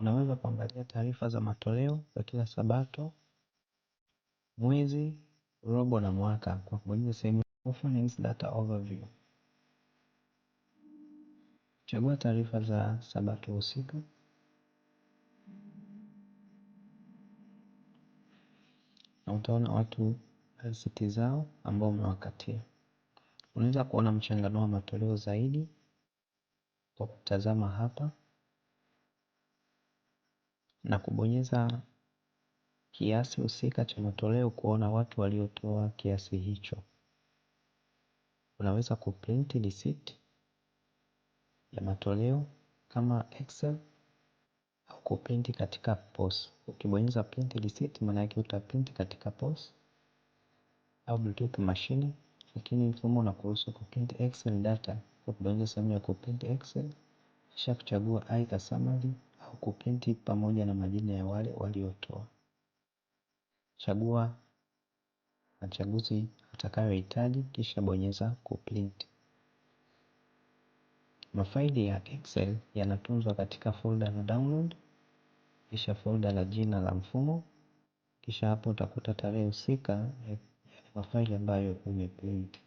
Unaweza kuangalia taarifa za matoleo za kila Sabato, mwezi, robo na mwaka kwa kubonyeza sehemu Offerings Data Overview. Chagua taarifa za Sabato husika. Na utaona watu risiti zao ambao umewakatia. Unaweza kuona mchanganuo wa matoleo zaidi kwa kutazama hapa na kubonyeza kiasi husika cha matoleo kuona watu waliotoa kiasi hicho. Unaweza kuprint receipt ya matoleo kama excel au kuprint katika POS. Ukibonyeza print receipt maana yake utaprint katika POS au Bluetooth machine, lakini mfumo unakuruhusu kuprint excel data. kubonyeza sehemu ya kuprint excel kisha kuchagua either summary kuketi pamoja na majina ya wale waliotoa. Chagua machaguzi utakayohitaji kisha bonyeza kuprint. Mafaili ya Excel yanatunzwa katika folda la download, kisha folda la jina la mfumo, kisha hapo utakuta tarehe husika ya mafaili ambayo umeprint.